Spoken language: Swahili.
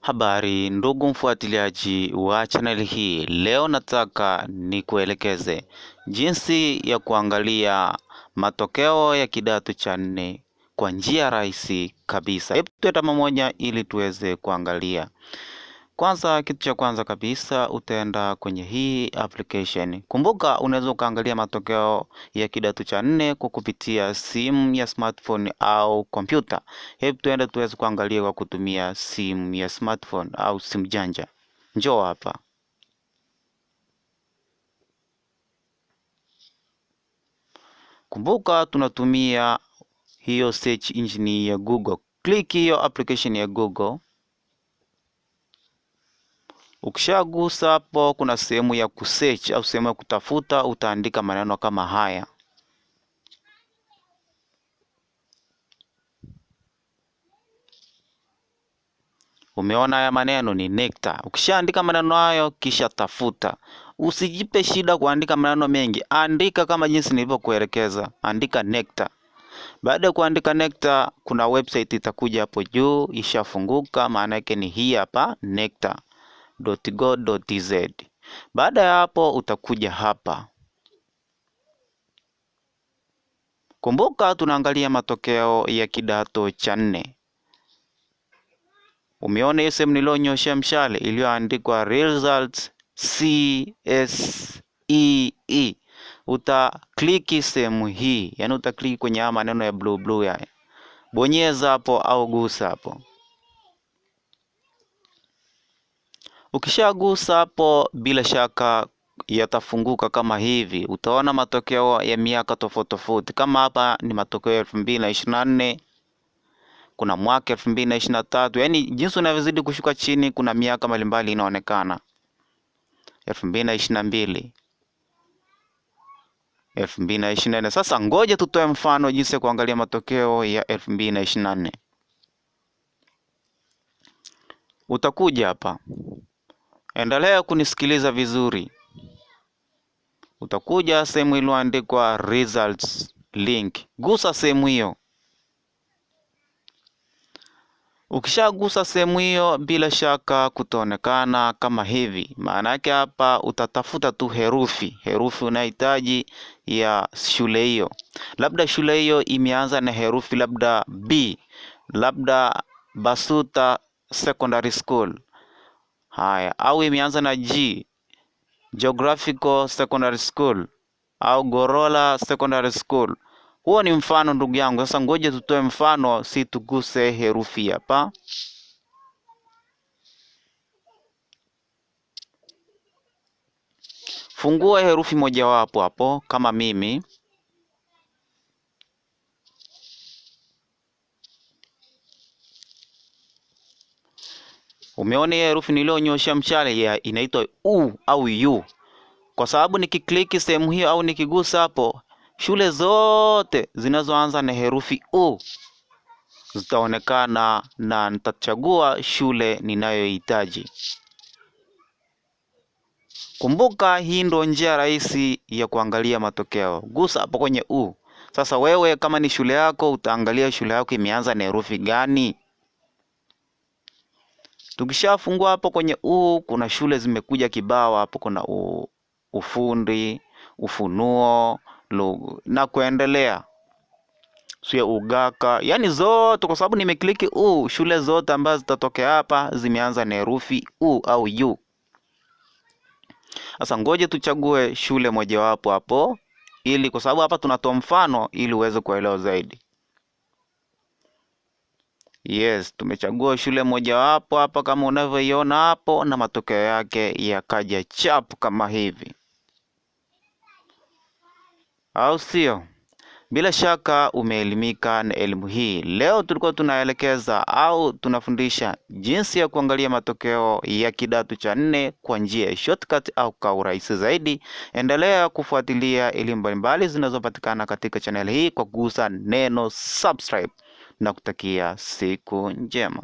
Habari ndugu mfuatiliaji wa channel hii, leo nataka nikuelekeze jinsi ya kuangalia matokeo ya kidato cha nne kwa njia rahisi kabisa. Hebu tuwe pamoja ili tuweze kuangalia kwanza, kitu cha kwanza kabisa utaenda kwenye hii application. Kumbuka unaweza ukaangalia matokeo ya kidato cha nne kwa kupitia simu ya smartphone au kompyuta. Hebu tuende tuweze kuangalia kwa kutumia simu ya smartphone au simu janja. Njoo hapa. Kumbuka tunatumia hiyo search engine ya Google. Click hiyo application ya Google. Ukishagusa hapo kuna sehemu ya kusearch au sehemu ya kutafuta, utaandika maneno kama haya Umeona haya maneno ni nectar. Ukishaandika maneno hayo kisha tafuta. Usijipe shida kuandika maneno mengi, andika kama jinsi nilivyokuelekeza, andika nectar. Baada ya kuandika nectar, kuna website itakuja hapo juu, ishafunguka, maana yake ni hii hapa nectar www.go.tz baada ya hapo utakuja hapa. Kumbuka tunaangalia matokeo ya kidato cha nne. Umeona hiyo sehemu nilionyoshea mshale iliyoandikwa results CSEE, e. kliki sehemu hii, yaani utakliki kwenye haya maneno ya blue blue, yaya bonyeza hapo au gusa hapo. Ukishagusa hapo bila shaka yatafunguka kama hivi, utaona matokeo ya miaka tofauti tofauti. Kama hapa ni matokeo ya elfu mbili na ishirini na nne kuna mwaka elfu mbili na ishirini na tatu yaani jinsi unavyozidi kushuka chini, kuna miaka mbalimbali inaonekana: elfu mbili na ishirini na mbili elfu mbili na ishirini na nne Sasa ngoja tutoe mfano jinsi ya kuangalia matokeo ya elfu mbili na ishirini na nne. Utakuja hapa Endelea kunisikiliza vizuri. Utakuja sehemu iliyoandikwa results link, gusa sehemu hiyo. Ukishagusa sehemu hiyo, bila shaka kutaonekana kama hivi. Maana yake hapa utatafuta tu herufi, herufi unahitaji ya shule hiyo. Labda shule hiyo imeanza na herufi labda B, labda Basuta Secondary School. Haya, au imeanza na G, Geographical Secondary School au Gorola Secondary School. Huo ni mfano ndugu yangu. Sasa ngoja tutoe mfano, si tuguse herufi hapa. Fungua herufi mojawapo hapo kama mimi Umeona hii herufi niliyonyosha mshale ya inaitwa u au yu. Kwa sababu nikikliki sehemu hiyo au nikigusa hapo, shule zote zinazoanza na herufi u zitaonekana na nitachagua shule ninayohitaji. Kumbuka, hii ndo njia rahisi ya kuangalia matokeo. Gusa hapo kwenye u. Sasa wewe kama ni shule yako, utaangalia shule yako imeanza na herufi gani. Tukishafungua hapo kwenye u, kuna shule zimekuja kibao hapo, kuna u, ufundi, ufunuo lugu, na kuendelea sio ugaka, yaani zote, kwa sababu nimekliki u, shule zote ambazo zitatokea hapa zimeanza na herufi u au u. Sasa ngoje tuchague shule mojawapo hapo, ili kwa sababu hapa tunatoa mfano ili uweze kuelewa zaidi. Yes, tumechagua shule mojawapo hapa kama unavyoiona hapo, na matokeo yake yakaja chapu kama hivi, au sio? Bila shaka umeelimika na elimu hii. Leo tulikuwa tunaelekeza au tunafundisha jinsi ya kuangalia matokeo ya kidato cha nne kwa njia ya shortcut au kwa urahisi zaidi. Endelea kufuatilia elimu mbalimbali zinazopatikana katika chaneli hii kwa kugusa neno subscribe na kutakia siku njema.